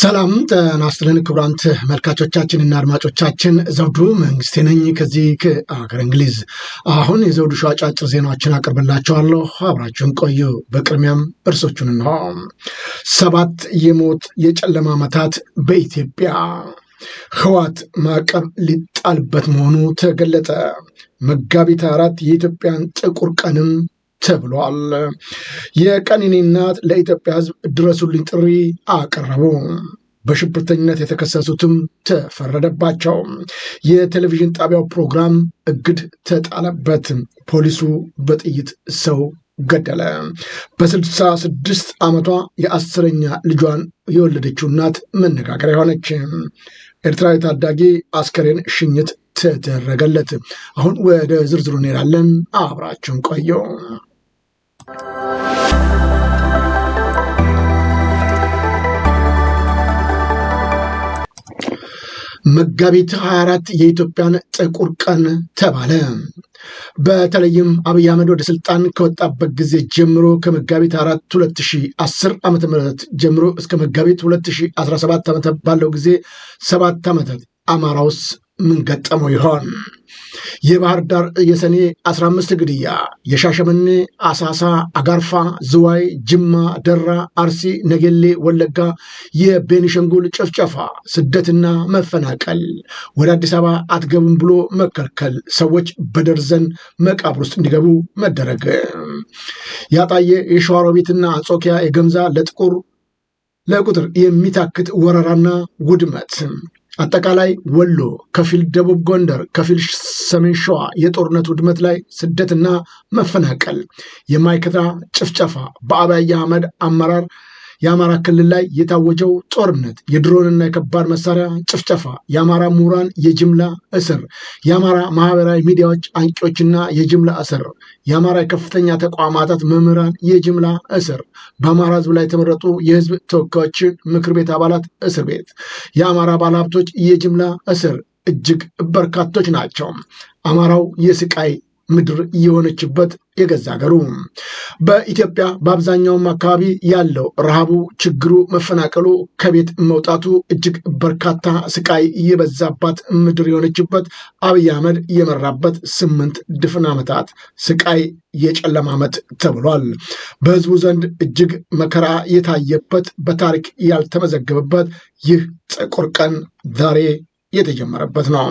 ሰላም ጤና ይስጥልን ክቡራን ተመልካቾቻችንና አድማጮቻችን ዘውዱ መንግስቴ ነኝ ከዚህ ከአገር እንግሊዝ። አሁን የዘውዱ ሾው አጫጭር ዜናዎችን አቅርብላችኋለሁ፣ አብራችሁን ቆዩ። በቅድሚያም እርሶቹን እንሆ። ሰባት የሞት የጨለማ ዓመታት በኢትዮጵያ ህዋት ማዕቀብ ሊጣልበት መሆኑ ተገለጠ። መጋቢት አራት የኢትዮጵያን ጥቁር ቀንም ተብሏል። የቀነኒ እናት ለኢትዮጵያ ሕዝብ ድረሱልኝ ጥሪ አቀረቡ። በሽብርተኝነት የተከሰሱትም ተፈረደባቸው። የቴሌቪዥን ጣቢያው ፕሮግራም እግድ ተጣለበት። ፖሊሱ በጥይት ሰው ገደለ። በስልሳ ስድስት ዓመቷ የአስረኛ ልጇን የወለደችው እናት መነጋገር የሆነች ኤርትራዊ ታዳጊ አስከሬን ሽኝት ተደረገለት። አሁን ወደ ዝርዝሩ እንሄዳለን። አብራችሁን ቆየው። መጋቢት 24 የኢትዮጵያን ጥቁር ቀን ተባለ። በተለይም አብይ አህመድ ወደ ስልጣን ከወጣበት ጊዜ ጀምሮ ከመጋቢት 4 2010 ዓ ም ጀምሮ እስከ መጋቢት 2017 ዓመት ባለው ጊዜ ሰባት ዓመታት አማራ ውስጥ ምን ገጠመው ይሆን? የባህር ዳር የሰኔ 15 ግድያ፣ የሻሸመኔ አሳሳ፣ አጋርፋ፣ ዝዋይ፣ ጅማ፣ ደራ፣ አርሲ፣ ነገሌ ወለጋ፣ የቤኒሸንጉል ጭፍጨፋ፣ ስደትና መፈናቀል፣ ወደ አዲስ አበባ አትገቡም ብሎ መከልከል፣ ሰዎች በደርዘን መቃብር ውስጥ እንዲገቡ መደረግ፣ ያጣየ የሸዋሮቢትና አንጾኪያ የገምዛ ለጥቁር ለቁጥር የሚታክት ወረራና ውድመት አጠቃላይ ወሎ፣ ከፊል ደቡብ ጎንደር፣ ከፊል ሰሜን ሸዋ የጦርነት ውድመት ላይ ስደትና መፈናቀል፣ የማይከታ ጭፍጨፋ በአብይ አህመድ አመራር የአማራ ክልል ላይ የታወጀው ጦርነት፣ የድሮንና የከባድ መሳሪያ ጭፍጨፋ፣ የአማራ ምሁራን የጅምላ እስር፣ የአማራ ማህበራዊ ሚዲያዎች አንቂዎችና የጅምላ እስር፣ የአማራ የከፍተኛ ተቋማታት መምህራን የጅምላ እስር፣ በአማራ ህዝብ ላይ የተመረጡ የህዝብ ተወካዮች ምክር ቤት አባላት እስር ቤት፣ የአማራ ባለሀብቶች የጅምላ እስር እጅግ በርካቶች ናቸው። አማራው የስቃይ ምድር የሆነችበት የገዛ ሀገሩ በኢትዮጵያ በአብዛኛውም አካባቢ ያለው ረሃቡ፣ ችግሩ፣ መፈናቀሉ፣ ከቤት መውጣቱ እጅግ በርካታ ስቃይ የበዛባት ምድር የሆነችበት አብይ አህመድ የመራበት ስምንት ድፍን ዓመታት ስቃይ የጨለማ ዓመት ተብሏል። በህዝቡ ዘንድ እጅግ መከራ የታየበት በታሪክ ያልተመዘገበበት ይህ ጥቁር ቀን ዛሬ የተጀመረበት ነው።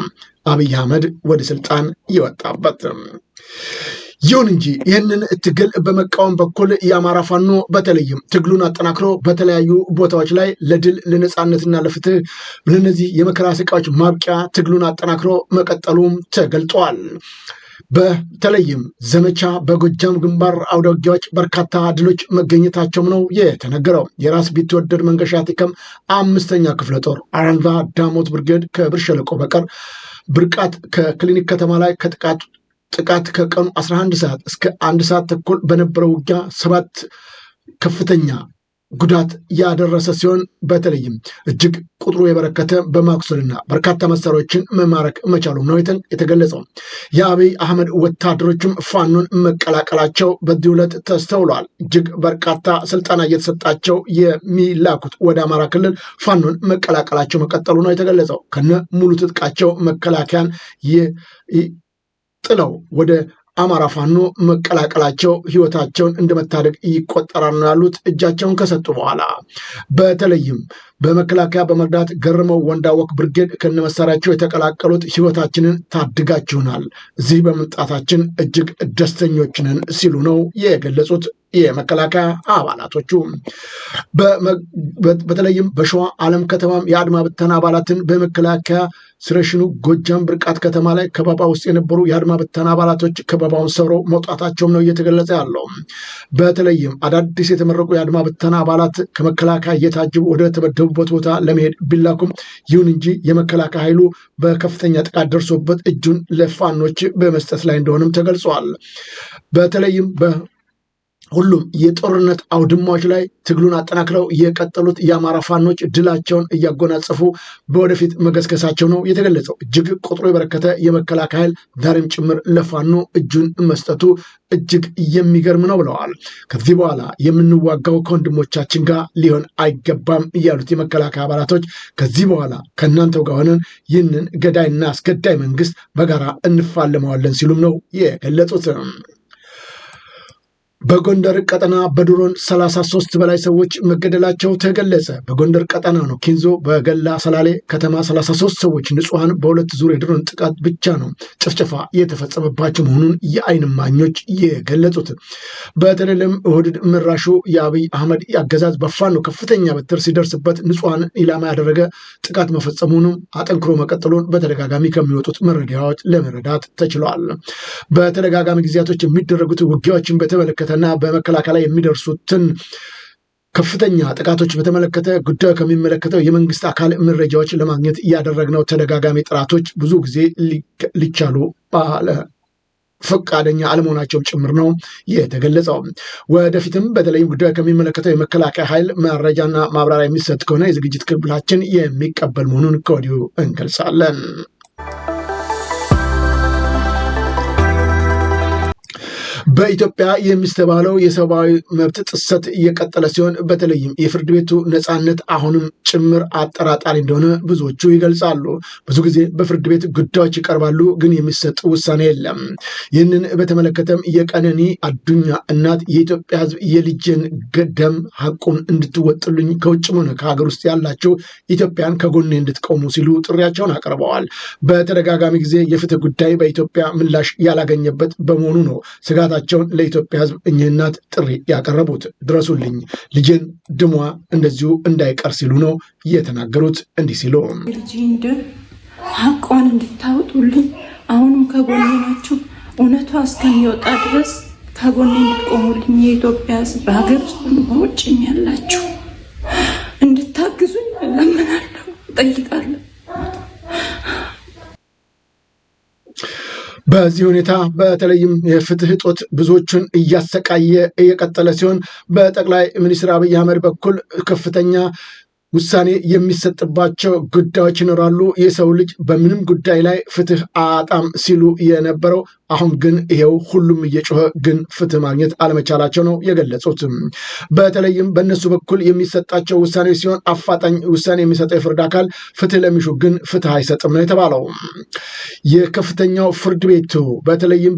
አብይ አህመድ ወደ ስልጣን ይወጣበት። ይሁን እንጂ ይህንን ትግል በመቃወም በኩል የአማራ ፋኖ በተለይም ትግሉን አጠናክሮ በተለያዩ ቦታዎች ላይ ለድል ለነፃነትና ለፍትህ ለነዚህ የመከራ ስቃዮች ማብቂያ ትግሉን አጠናክሮ መቀጠሉም ተገልጧል። በተለይም ዘመቻ በጎጃም ግንባር አውደ በርካታ ድሎች መገኘታቸውም ነው የተነገረው። የራስ ቢትወደድ መንገሻ ቲከም አምስተኛ ክፍለ ጦር አረንዛ ዳሞት ብርጌድ ከብር ሸለቆ በቀር ብርቃት ከክሊኒክ ከተማ ላይ ከጥቃት ጥቃት ከቀኑ 11 ሰዓት እስከ አንድ ሰዓት ተኩል በነበረው ውጊያ ሰባት ከፍተኛ ጉዳት ያደረሰ ሲሆን በተለይም እጅግ ቁጥሩ የበረከተ በማቁሰልና በርካታ መሳሪያዎችን መማረክ መቻሉ ነው የተገለጸው። የአብይ አህመድ ወታደሮችም ፋኖን መቀላቀላቸው በዚህ ዕለት ተስተውሏል። እጅግ በርካታ ስልጠና እየተሰጣቸው የሚላኩት ወደ አማራ ክልል ፋኖን መቀላቀላቸው መቀጠሉ ነው የተገለጸው። ከነ ሙሉ ትጥቃቸው መከላከያን ጥለው ወደ አማራ ፋኖ መቀላቀላቸው ህይወታቸውን እንደመታደግ ይቆጠራል ነው ያሉት። እጃቸውን ከሰጡ በኋላ በተለይም በመከላከያ በመርዳት ገርመው ወንዳወቅ ብርጌድ ከነመሳሪያቸው የተቀላቀሉት ህይወታችንን ታድጋችሁናል፣ እዚህ በመምጣታችን እጅግ ደስተኞችንን ሲሉ ነው የገለጹት። የመከላከያ አባላቶቹ በተለይም በሸዋ አለም ከተማም የአድማ ብተና አባላትን በመከላከያ ስረሽኑ ጎጃም ብርቃት ከተማ ላይ ከበባ ውስጥ የነበሩ የአድማ ብተና አባላቶች ከበባውን ሰብረው መውጣታቸውም ነው እየተገለጸ ያለው። በተለይም አዳዲስ የተመረቁ የአድማ ብተና አባላት ከመከላከያ እየታጀቡ ወደ ተመደቡበት ቦታ ለመሄድ ቢላኩም፣ ይሁን እንጂ የመከላከያ ኃይሉ በከፍተኛ ጥቃት ደርሶበት እጁን ለፋኖች በመስጠት ላይ እንደሆነም ተገልጿል። በተለይም ሁሉም የጦርነት አውድማዎች ላይ ትግሉን አጠናክረው የቀጠሉት የአማራ ፋኖች ድላቸውን እያጎናጸፉ በወደፊት መገስገሳቸው ነው የተገለጸው። እጅግ ቁጥሩ የበረከተ የመከላከያ ኃይል ዛሬም ጭምር ለፋኖ እጁን መስጠቱ እጅግ የሚገርም ነው ብለዋል። ከዚህ በኋላ የምንዋጋው ከወንድሞቻችን ጋር ሊሆን አይገባም እያሉት የመከላከያ አባላቶች ከዚህ በኋላ ከእናንተው ጋር ሆነን ይህንን ገዳይና አስገዳይ መንግስት በጋራ እንፋለመዋለን ሲሉም ነው የገለጹት። በጎንደር ቀጠና በድሮን 33 በላይ ሰዎች መገደላቸው ተገለጸ። በጎንደር ቀጠና ነው ኪንዞ በገላ ሰላሌ ከተማ 33 ሰዎች ንጹሐን በሁለት ዙር የድሮን ጥቃት ብቻ ነው ጭፍጨፋ የተፈጸመባቸው መሆኑን የአይን ማኞች የገለጹት። በተለይም ውህድድ ምራሹ የአብይ አህመድ አገዛዝ በፋኖ ከፍተኛ በትር ሲደርስበት ንጹሐን ኢላማ ያደረገ ጥቃት መፈጸሙንም አጠንክሮ መቀጠሉን በተደጋጋሚ ከሚወጡት መረጃዎች ለመረዳት ተችሏል። በተደጋጋሚ ጊዜያቶች የሚደረጉት ውጊያዎችን በተመለከተ በተመለከተና በመከላከያ ላይ የሚደርሱትን ከፍተኛ ጥቃቶች በተመለከተ ጉዳዩ ከሚመለከተው የመንግስት አካል መረጃዎች ለማግኘት እያደረግነው ተደጋጋሚ ጥራቶች ብዙ ጊዜ ሊቻሉ ባለ ፈቃደኛ አለመሆናቸው ጭምር ነው የተገለጸው። ወደፊትም በተለይም ጉዳዩ ከሚመለከተው የመከላከያ ኃይል መረጃና ማብራሪያ የሚሰጥ ከሆነ የዝግጅት ክብላችን የሚቀበል መሆኑን ከወዲሁ እንገልጻለን። በኢትዮጵያ የሚስተባለው የሰብአዊ መብት ጥሰት እየቀጠለ ሲሆን በተለይም የፍርድ ቤቱ ነፃነት አሁንም ጭምር አጠራጣሪ እንደሆነ ብዙዎቹ ይገልጻሉ። ብዙ ጊዜ በፍርድ ቤት ጉዳዮች ይቀርባሉ፣ ግን የሚሰጥ ውሳኔ የለም። ይህንን በተመለከተም የቀነኒ አዱኛ እናት የኢትዮጵያ ሕዝብ የልጄን ደም ሐቁን እንድትወጥልኝ ከውጭም ሆነ ከሀገር ውስጥ ያላችሁ ኢትዮጵያን ከጎኔ እንድትቆሙ ሲሉ ጥሪያቸውን አቅርበዋል። በተደጋጋሚ ጊዜ የፍትህ ጉዳይ በኢትዮጵያ ምላሽ ያላገኘበት በመሆኑ ነው ስጋታ መድረሳቸውን ለኢትዮጵያ ህዝብ እኚህ እናት ጥሪ ያቀረቡት ድረሱልኝ፣ ልጄን ድሟ እንደዚሁ እንዳይቀር ሲሉ ነው የተናገሩት። እንዲህ ሲሉ ልጄን ደም እንድታወጡልኝ አሁንም ከጎኔ ናችሁ፣ እውነቷ እስከሚወጣ ድረስ ከጎኔ እንድትቆሙልኝ የኢትዮጵያ ህዝብ በሀገር ውስጥ በውጭም ያላችሁ እንድታግዙኝ እለምናለሁ፣ እጠይቃለሁ። በዚህ ሁኔታ በተለይም የፍትህ እጦት ብዙዎቹን እያሰቃየ እየቀጠለ ሲሆን በጠቅላይ ሚኒስትር አብይ አህመድ በኩል ከፍተኛ ውሳኔ የሚሰጥባቸው ጉዳዮች ይኖራሉ። የሰው ልጅ በምንም ጉዳይ ላይ ፍትህ አጣም ሲሉ የነበረው አሁን ግን ይሄው ሁሉም እየጮኸ ግን ፍትህ ማግኘት አለመቻላቸው ነው የገለጹት። በተለይም በእነሱ በኩል የሚሰጣቸው ውሳኔ ሲሆን አፋጣኝ ውሳኔ የሚሰጠው የፍርድ አካል ፍትህ ለሚሹ ግን ፍትህ አይሰጥም ነው የተባለው። የከፍተኛው ፍርድ ቤቱ በተለይም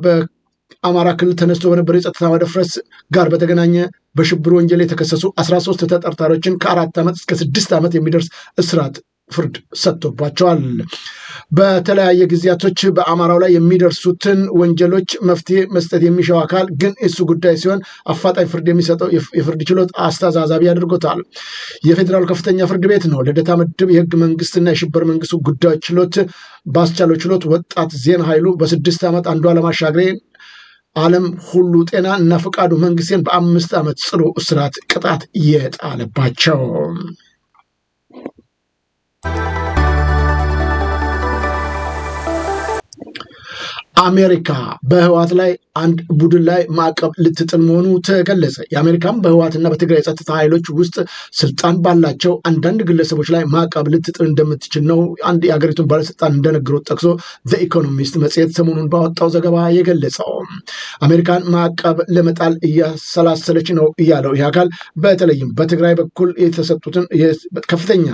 አማራ ክልል ተነስቶ በነበረ የጸጥታ መደፍረስ ጋር በተገናኘ በሽብር ወንጀል የተከሰሱ 13 ተጠርጣሪዎችን ከአራት ዓመት እስከ ስድስት ዓመት የሚደርስ እስራት ፍርድ ሰጥቶባቸዋል። በተለያየ ጊዜያቶች በአማራው ላይ የሚደርሱትን ወንጀሎች መፍትሄ መስጠት የሚሻው አካል ግን እሱ ጉዳይ ሲሆን አፋጣኝ ፍርድ የሚሰጠው የፍርድ ችሎት አስተዛዛቢ አድርጎታል። የፌዴራሉ ከፍተኛ ፍርድ ቤት ነው ልደታ ምድብ የህግ መንግስትና የሽብር መንግስቱ ጉዳዮች ችሎት ባስቻለው ችሎት ወጣት ዜና ኃይሉ በስድስት ዓመት አንዷ ለማሻገሬ ዓለም ሁሉ ጤና እና ፈቃዱ መንግስቴን በአምስት ዓመት ጽኑ እስራት ቅጣት የጣለባቸው አሜሪካ በህዋት ላይ አንድ ቡድን ላይ ማዕቀብ ልትጥል መሆኑ ተገለጸ። የአሜሪካም በህወሓትና በትግራይ ጸጥታ ኃይሎች ውስጥ ስልጣን ባላቸው አንዳንድ ግለሰቦች ላይ ማዕቀብ ልትጥል እንደምትችል ነው አንድ የሀገሪቱን ባለስልጣን እንደነገሩት ጠቅሶ ኢኮኖሚስት መጽሔት ሰሞኑን ባወጣው ዘገባ የገለጸው አሜሪካን ማዕቀብ ለመጣል እያሰላሰለች ነው እያለው ይህ አካል በተለይም በትግራይ በኩል የተሰጡትን ከፍተኛ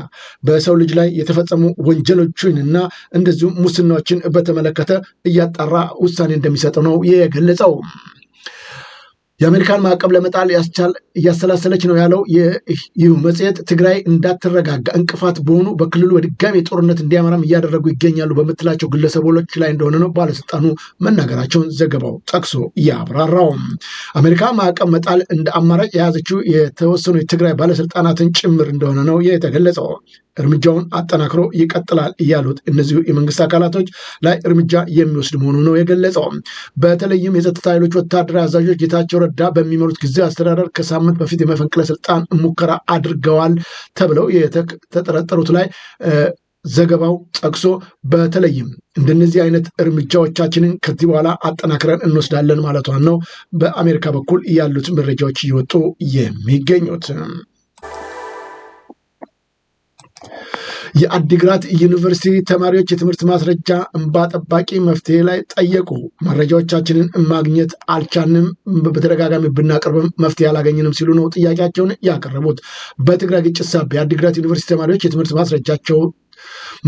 በሰው ልጅ ላይ የተፈጸሙ ወንጀሎችንና እንደዚሁም ሙስናዎችን በተመለከተ እያጣራ ውሳኔ እንደሚሰጥ ነው የገለ ገለጸው። የአሜሪካን ማዕቀብ ለመጣል እያሰላሰለች ነው ያለው ይህ መጽሔት ትግራይ እንዳትረጋጋ እንቅፋት በሆኑ በክልሉ በድጋሚ ጦርነት እንዲያመራም እያደረጉ ይገኛሉ በምትላቸው ግለሰቦች ላይ እንደሆነ ነው ባለስልጣኑ መናገራቸውን ዘገባው ጠቅሶ ያብራራው። አሜሪካ ማዕቀብ መጣል እንደ አማራጭ የያዘችው የተወሰኑ የትግራይ ባለስልጣናትን ጭምር እንደሆነ ነው የተገለጸው። እርምጃውን አጠናክሮ ይቀጥላል ያሉት እነዚሁ የመንግስት አካላቶች ላይ እርምጃ የሚወስድ መሆኑ ነው የገለጸው። በተለይም የጸጥታ ኃይሎች ወታደራዊ አዛዦች ጌታቸው ረዳ በሚመሩት ጊዜ አስተዳደር ከሳምንት በፊት የመፈንቅለ ስልጣን ሙከራ አድርገዋል ተብለው የተጠረጠሩት ላይ ዘገባው ጠቅሶ በተለይም እንደነዚህ አይነት እርምጃዎቻችንን ከዚህ በኋላ አጠናክረን እንወስዳለን ማለቷን ነው በአሜሪካ በኩል ያሉት መረጃዎች እየወጡ የሚገኙት። የአዲግራት ዩኒቨርሲቲ ተማሪዎች የትምህርት ማስረጃ እንባ ጠባቂ መፍትሄ ላይ ጠየቁ። መረጃዎቻችንን ማግኘት አልቻንም፣ በተደጋጋሚ ብናቀርብም መፍትሄ አላገኘንም ሲሉ ነው ጥያቄያቸውን ያቀረቡት። በትግራይ ግጭት ሳቢያ የአዲግራት ዩኒቨርሲቲ ተማሪዎች የትምህርት ማስረጃቸው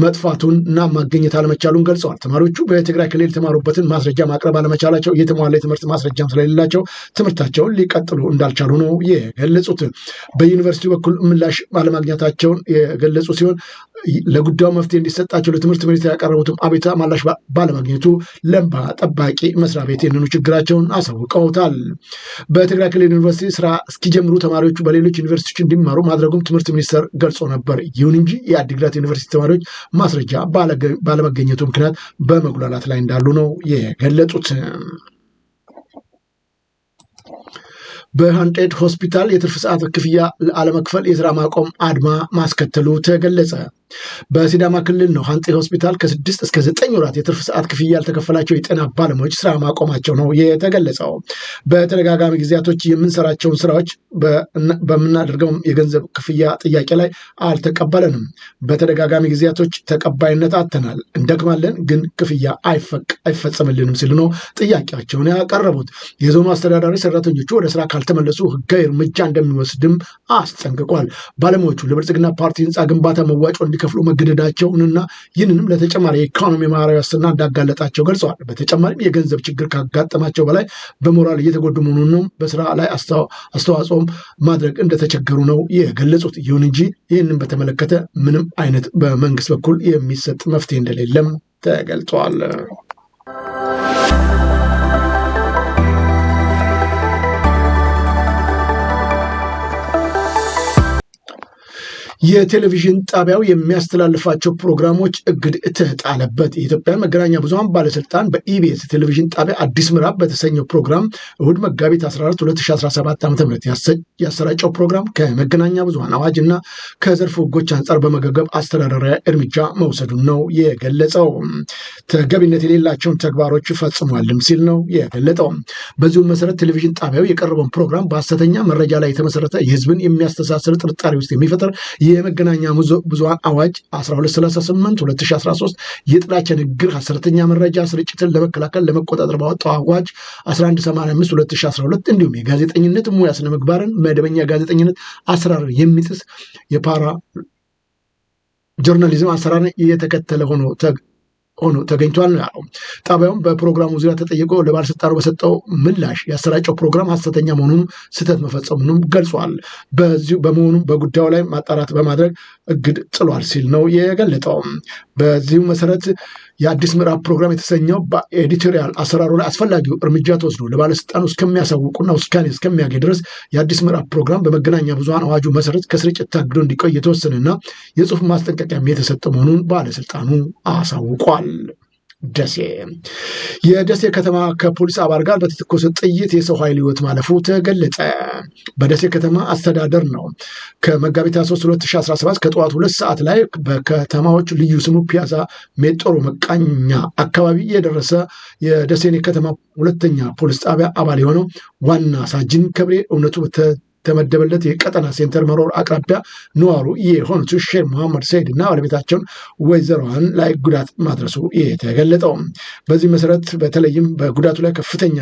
መጥፋቱን እና ማገኘት አለመቻሉን ገልጸዋል። ተማሪዎቹ በትግራይ ክልል የተማሩበትን ማስረጃ ማቅረብ አለመቻላቸው የተሟላ የትምህርት ማስረጃም ስለሌላቸው ትምህርታቸውን ሊቀጥሉ እንዳልቻሉ ነው የገለጹት። በዩኒቨርሲቲ በኩል ምላሽ አለማግኘታቸውን የገለጹ ሲሆን ለጉዳዩ መፍትሄ እንዲሰጣቸው ለትምህርት ሚኒስቴር ያቀረቡትም አቤቱታ ምላሽ ባለማግኘቱ ለእንባ ጠባቂ መስሪያ ቤት ይህንኑ ችግራቸውን አሳውቀውታል። በትግራይ ክልል ዩኒቨርሲቲ ስራ እስኪጀምሩ ተማሪዎቹ በሌሎች ዩኒቨርሲቲዎች እንዲማሩ ማድረጉም ትምህርት ሚኒስቴር ገልጾ ነበር። ይሁን እንጂ የአዲግራት ዩኒቨርሲቲ ተማሪዎች ማስረጃ ባለመገኘቱ ምክንያት በመጉላላት ላይ እንዳሉ ነው የገለጹት። በሃንጤድ ሆስፒታል የትርፍ ሰዓት ክፍያ አለመክፈል የስራ ማቆም አድማ ማስከተሉ ተገለጸ። በሲዳማ ክልል ነው ሀንጤ ሆስፒታል ከስድስት እስከ ዘጠኝ ወራት የትርፍ ሰዓት ክፍያ ያልተከፈላቸው የጤና ባለሙያዎች ስራ ማቆማቸው ነው የተገለጸው። በተደጋጋሚ ጊዜያቶች የምንሰራቸውን ስራዎች በምናደርገው የገንዘብ ክፍያ ጥያቄ ላይ አልተቀበለንም። በተደጋጋሚ ጊዜያቶች ተቀባይነት አተናል። እንደክማለን፣ ግን ክፍያ አይፈጸምልንም ሲሉ ነው ጥያቄያቸውን ያቀረቡት። የዞኑ አስተዳዳሪ ሰራተኞቹ ወደ ስራ ካልተመለሱ ህጋዊ እርምጃ እንደሚወስድም አስጠንቅቋል። ባለሙያዎቹ ለብልጽግና ፓርቲ ህንፃ ግንባታ መዋጮ እንዲ እንዲከፍሉ መገደዳቸውንና ይህንንም ለተጨማሪ የኢኮኖሚ ማህበራዊ ዋስትና እንዳጋለጣቸው ገልጸዋል። በተጨማሪም የገንዘብ ችግር ካጋጠማቸው በላይ በሞራል እየተጎዱ መሆኑንም በስራ ላይ አስተዋጽኦም ማድረግ እንደተቸገሩ ነው የገለጹት። ይሁን እንጂ ይህንን በተመለከተ ምንም አይነት በመንግስት በኩል የሚሰጥ መፍትሄ እንደሌለም ተገልጿል። የቴሌቪዥን ጣቢያው የሚያስተላልፋቸው ፕሮግራሞች እግድ ተጣለበት። የኢትዮጵያ መገናኛ ብዙሃን ባለስልጣን በኢቢኤስ ቴሌቪዥን ጣቢያ አዲስ ምዕራብ በተሰኘው ፕሮግራም እሁድ መጋቢት 14 2017 ዓ ም ያሰራጨው ፕሮግራም ከመገናኛ ብዙኃን አዋጅ እና ከዘርፉ ህጎች አንጻር በመገገብ አስተዳደራዊ እርምጃ መውሰዱን ነው የገለጸው። ተገቢነት የሌላቸውን ተግባሮች ፈጽሟልም ሲል ነው የገለጠው። በዚሁም መሰረት ቴሌቪዥን ጣቢያው የቀረበውን ፕሮግራም በሀሰተኛ መረጃ ላይ የተመሰረተ የህዝብን የሚያስተሳስር ጥርጣሬ ውስጥ የሚፈጥር የመገናኛ ብዙሃን አዋጅ 1238 2013 የጥላቻ ንግግር ሐሰተኛ መረጃ ስርጭትን ለመከላከል ለመቆጣጠር ባወጣው አዋጅ 1185 2012 እንዲሁም የጋዜጠኝነት ሙያ ስነ ምግባርን መደበኛ ጋዜጠኝነት አሰራር የሚጥስ የፓራ ጆርናሊዝም አሰራር የተከተለ ሆኖ ሆኖ ተገኝቷል። ያለው ጣቢያውም በፕሮግራሙ ዙሪያ ተጠይቆ ለባለስልጣኑ በሰጠው ምላሽ ያሰራጨው ፕሮግራም ሀሰተኛ መሆኑም ስህተት መፈጸሙንም ገልጿል። በዚሁ በመሆኑም በጉዳዩ ላይ ማጣራት በማድረግ እግድ ጥሏል ሲል ነው የገለጠው። በዚሁ መሰረት የአዲስ ምዕራብ ፕሮግራም የተሰኘው በኤዲቶሪያል አሰራሩ ላይ አስፈላጊው እርምጃ ተወስዶ ለባለስልጣኑ እስከሚያሳውቁና ውሳኔ እስከሚያገኝ ድረስ የአዲስ ምዕራብ ፕሮግራም በመገናኛ ብዙሀን አዋጁ መሰረት ከስርጭት ታግዶ እንዲቆይ የተወሰነና የጽሁፍ ማስጠንቀቂያም የተሰጠ መሆኑን ባለስልጣኑ አሳውቋል። ደሴ የደሴ ከተማ ከፖሊስ አባል ጋር በተተኮሰ ጥይት የሰው ኃይል ህይወት ማለፉ ተገለጸ። በደሴ ከተማ አስተዳደር ነው ከመጋቢት 23 2017 ከጠዋት ሁለት ሰዓት ላይ በከተማዎች ልዩ ስሙ ፒያዛ ሜጦሮ መቃኛ አካባቢ የደረሰ የደሴን የከተማ ሁለተኛ ፖሊስ ጣቢያ አባል የሆነው ዋና ሳጅን ከብሬ እውነቱ የተመደበለት የቀጠና ሴንተር መሮር አቅራቢያ ነዋሩ የሆኑት ሼር መሐመድ ሰይድ እና ባለቤታቸውን ወይዘሮዋን ላይ ጉዳት ማድረሱ የተገለጠው በዚህ መሰረት በተለይም በጉዳቱ ላይ ከፍተኛ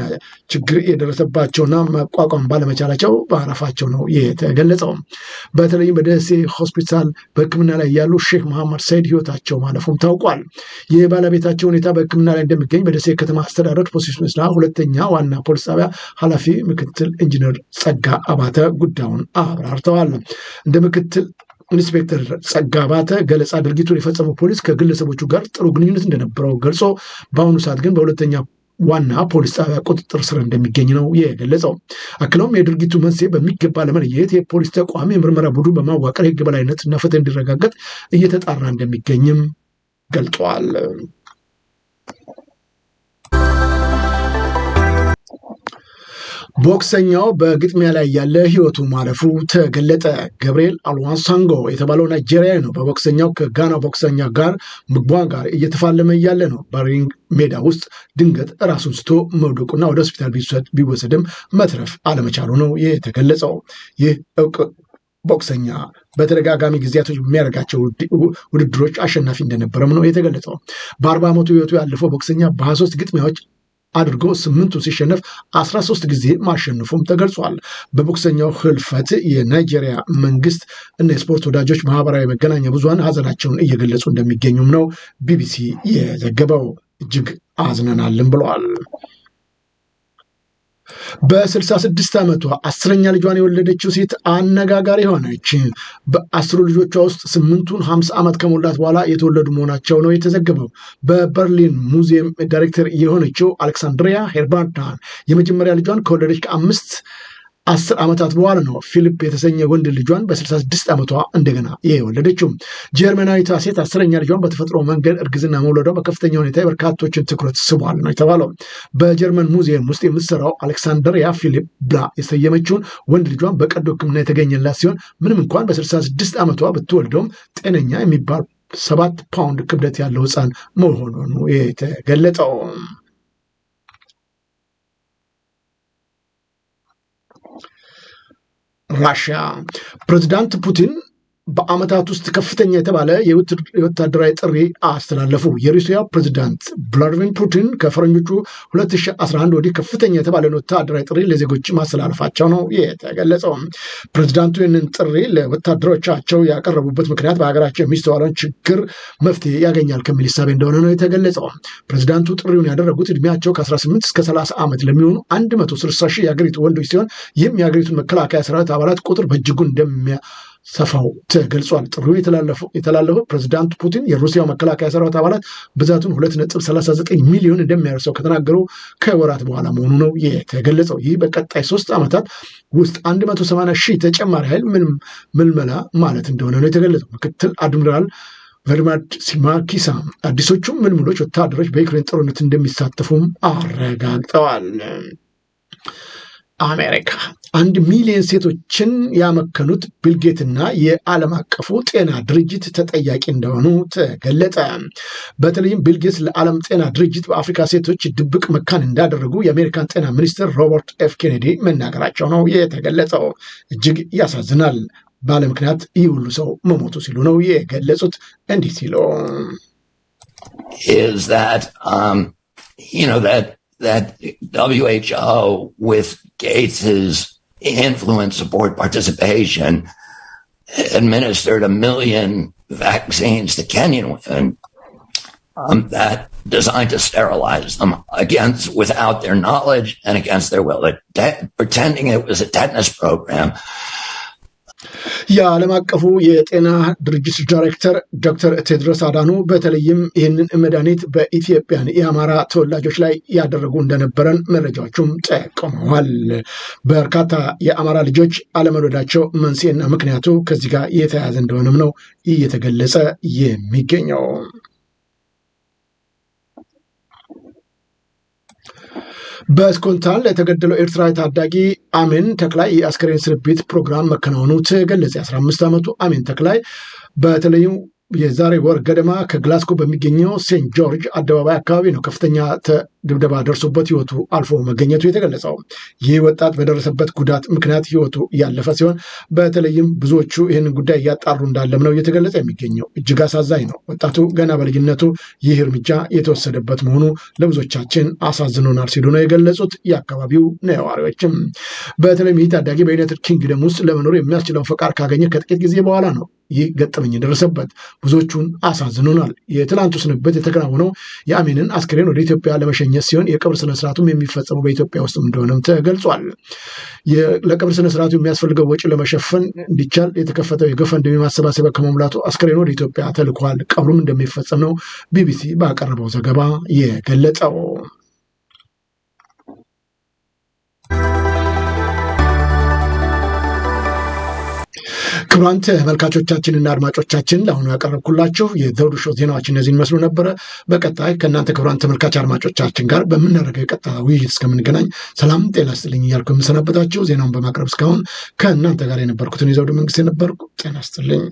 ችግር የደረሰባቸውና መቋቋም ባለመቻላቸው ማረፋቸው ነው የተገለጸው። በተለይም በደሴ ሆስፒታል በሕክምና ላይ ያሉ ሼክ መሐመድ ሰይድ ህይወታቸው ማለፉም ታውቋል። የባለቤታቸው ሁኔታ በሕክምና ላይ እንደሚገኝ በደሴ ከተማ አስተዳደር ፖሊስ መስሪያ ሁለተኛ ዋና ፖሊስ ጣቢያ ኃላፊ ምክትል ኢንጂነር ጸጋ አባተ ጉዳዩን አብራርተዋል። እንደ ምክትል ኢንስፔክተር ጸጋ ባተ ገለጻ ድርጊቱን የፈጸመው ፖሊስ ከግለሰቦቹ ጋር ጥሩ ግንኙነት እንደነበረው ገልጾ በአሁኑ ሰዓት ግን በሁለተኛ ዋና ፖሊስ ጣቢያ ቁጥጥር ስር እንደሚገኝ ነው የገለጸው። አክለውም የድርጊቱ መንስኤ በሚገባ ለመለየት የፖሊስ ተቋም የምርመራ ቡድን በማዋቀር የህግ በላይነትና ፍትህ እንዲረጋገጥ እየተጣራ እንደሚገኝም ገልጠዋል። ቦክሰኛው በግጥሚያ ላይ ያለ ህይወቱ ማለፉ ተገለጠ። ገብርኤል አልዋንሳንጎ የተባለው ናይጄሪያዊ ነው በቦክሰኛው ከጋና ቦክሰኛ ጋር ምግቧ ጋር እየተፋለመ እያለ ነው በሪንግ ሜዳ ውስጥ ድንገት ራሱን ስቶ መውደቁና ወደ ሆስፒታል ቢወሰድም መትረፍ አለመቻሉ ነው የተገለጸው። ይህ እውቅ ቦክሰኛ በተደጋጋሚ ጊዜያቶች በሚያደርጋቸው ውድድሮች አሸናፊ እንደነበረም ነው የተገለጸው። በአርባ ዓመቱ ህይወቱ ያለፈው ቦክሰኛ በሀያ ሶስት ግጥሚያዎች አድርጎ ስምንቱ ሲሸነፍ 13 ጊዜ ማሸነፉም ተገልጿል። በቦክሰኛው ህልፈት የናይጄሪያ መንግስት እና የስፖርት ወዳጆች ማህበራዊ መገናኛ ብዙሃን ሀዘናቸውን እየገለጹ እንደሚገኙም ነው ቢቢሲ የዘገበው። እጅግ አዝነናልን ብለዋል። በ66 ዓመቷ አስረኛ ልጇን የወለደችው ሴት አነጋጋሪ ሆነች። በአስሩ ልጆቿ ውስጥ ስምንቱን 50 ዓመት ከሞላት በኋላ የተወለዱ መሆናቸው ነው የተዘገበው። በበርሊን ሙዚየም ዳይሬክተር የሆነችው አሌክሳንድሪያ ሄርባርዳን የመጀመሪያ ልጇን ከወለደች ከአምስት አስር ዓመታት በኋላ ነው ፊሊፕ የተሰኘ ወንድ ልጇን በ66 ዓመቷ እንደገና የወለደችው። ጀርመናዊቷ ሴት አስረኛ ልጇን በተፈጥሮ መንገድ እርግዝና መውለዷ በከፍተኛ ሁኔታ የበርካቶችን ትኩረት ስቧል ነው የተባለው። በጀርመን ሙዚየም ውስጥ የምትሰራው አሌክሳንደሪያ ፊሊፕ ብላ የሰየመችውን ወንድ ልጇን በቀዶ ሕክምና የተገኘላት ሲሆን ምንም እንኳን በ66 ዓመቷ ብትወልደውም ጤነኛ የሚባል ሰባት ፓውንድ ክብደት ያለው ህፃን መሆኑን የተገለጠው ራሽያ ፕሬዚዳንት ፑቲን በአመታት ውስጥ ከፍተኛ የተባለ የወታደራዊ ጥሪ አስተላለፉ። የሩሲያ ፕሬዚዳንት ቭላዲሚር ፑቲን ከፈረንጆቹ 2011 ወዲህ ከፍተኛ የተባለ ወታደራዊ ጥሪ ለዜጎች ማስተላለፋቸው ነው የተገለጸው። ፕሬዚዳንቱ ይህንን ጥሪ ለወታደሮቻቸው ያቀረቡበት ምክንያት በሀገራቸው የሚስተዋለውን ችግር መፍትሄ ያገኛል ከሚል ሳቤ እንደሆነ ነው የተገለጸው። ፕሬዚዳንቱ ጥሪውን ያደረጉት እድሜያቸው ከ18 እስከ 30 ዓመት ለሚሆኑ 160 ሺህ የሀገሪቱ ወንዶች ሲሆን ይህም የሀገሪቱን መከላከያ ሰራዊት አባላት ቁጥር በእጅጉ እንደሚያ ሰፋው ተገልጿል። ጥሩ የተላለፈው ፕሬዚዳንት ፑቲን የሩሲያ መከላከያ ሰራዊት አባላት ብዛቱን 2.39 ሚሊዮን እንደሚያደርሰው ከተናገሩ ከወራት በኋላ መሆኑ ነው የተገለጸው። ይህ በቀጣይ ሶስት ዓመታት ውስጥ 180 ሺህ ተጨማሪ ኃይል ምልመላ ማለት እንደሆነ ነው የተገለጸው። ምክትል አድሚራል ቨልዲማር ሲማኪሳ አዲሶቹም ምልምሎች ወታደሮች በዩክሬን ጦርነት እንደሚሳተፉም አረጋግጠዋል። አሜሪካ አንድ ሚሊዮን ሴቶችን ያመከኑት ቢልጌትና የዓለም አቀፉ ጤና ድርጅት ተጠያቂ እንደሆኑ ተገለጠ። በተለይም ቢልጌት ለዓለም ጤና ድርጅት በአፍሪካ ሴቶች ድብቅ መካን እንዳደረጉ የአሜሪካን ጤና ሚኒስትር ሮበርት ኤፍ ኬኔዲ መናገራቸው ነው የተገለጸው። እጅግ ያሳዝናል፣ ባለ ምክንያት ይህ ሁሉ ሰው መሞቱ ሲሉ ነው የገለጹት። እንዲህ ሲሉ that WHO, with Gates's influence, support, participation, administered a million vaccines to Kenyan women um, that designed to sterilize them against without their knowledge and against their will, de- pretending it was a tetanus program የዓለም አቀፉ የጤና ድርጅት ዳይሬክተር ዶክተር ቴድሮስ አዳኑ በተለይም ይህንን መድኃኒት በኢትዮጵያን የአማራ ተወላጆች ላይ ያደረጉ እንደነበረን መረጃዎቹም ጠቁመዋል። በርካታ የአማራ ልጆች አለመውለዳቸው መንስኤና ምክንያቱ ከዚህ ጋር የተያያዘ እንደሆነም ነው እየተገለጸ የሚገኘው። በስኮንታል የተገደለው ኤርትራዊ ታዳጊ አሜን ተክላይ የአስከሬን ስርቤት ፕሮግራም መከናወኑ ተገለጸ። የ15 ዓመቱ አሜን ተክላይ በተለይም የዛሬ ወር ገደማ ከግላስኮ በሚገኘው ሴንት ጆርጅ አደባባይ አካባቢ ነው ከፍተኛ ድብደባ ደርሶበት ህይወቱ አልፎ መገኘቱ የተገለጸው። ይህ ወጣት በደረሰበት ጉዳት ምክንያት ህይወቱ ያለፈ ሲሆን በተለይም ብዙዎቹ ይህንን ጉዳይ እያጣሩ እንዳለም ነው እየተገለጸ የሚገኘው። እጅግ አሳዛኝ ነው። ወጣቱ ገና በልጅነቱ ይህ እርምጃ የተወሰደበት መሆኑ ለብዙዎቻችን አሳዝኖናል ሲሉ ነው የገለጹት የአካባቢው ነዋሪዎችም። በተለይም ይህ ታዳጊ በዩናይትድ ኪንግደም ውስጥ ለመኖር የሚያስችለውን ፈቃድ ካገኘ ከጥቂት ጊዜ በኋላ ነው ይህ ገጠመኝ የደረሰበት ብዙዎቹን አሳዝኑናል። የትላንቱ ስንብት የተከናወነው የአሜንን አስክሬን ወደ ኢትዮጵያ ለመሸኘት ሲሆን የቀብር ስነስርዓቱም የሚፈጸመው በኢትዮጵያ ውስጥ እንደሆነም ተገልጿል። ለቀብር ስነስርዓቱ የሚያስፈልገው ወጪ ለመሸፈን እንዲቻል የተከፈተው እንደሚ ማሰባሰቢያ ከመሙላቱ አስክሬን ወደ ኢትዮጵያ ተልኳል። ቀብሩም እንደሚፈጸም ነው ቢቢሲ ባቀረበው ዘገባ የገለጸው። ክቡራን ተመልካቾቻችንና አድማጮቻችን ለአሁኑ ያቀረብኩላችሁ የዘውዱ ሾው ዜናዎች እነዚህ መስሉ ነበረ። በቀጣይ ከእናንተ ክቡራን ተመልካች አድማጮቻችን ጋር በምናደርገው የቀጥታ ውይይት እስከምንገናኝ ሰላም ጤና ስጥልኝ እያልኩ የምሰናበታችሁ ዜናውን በማቅረብ እስካሁን ከእናንተ ጋር የነበርኩትን የዘውዱ መንግስት የነበርኩ ጤና ስጥልኝ።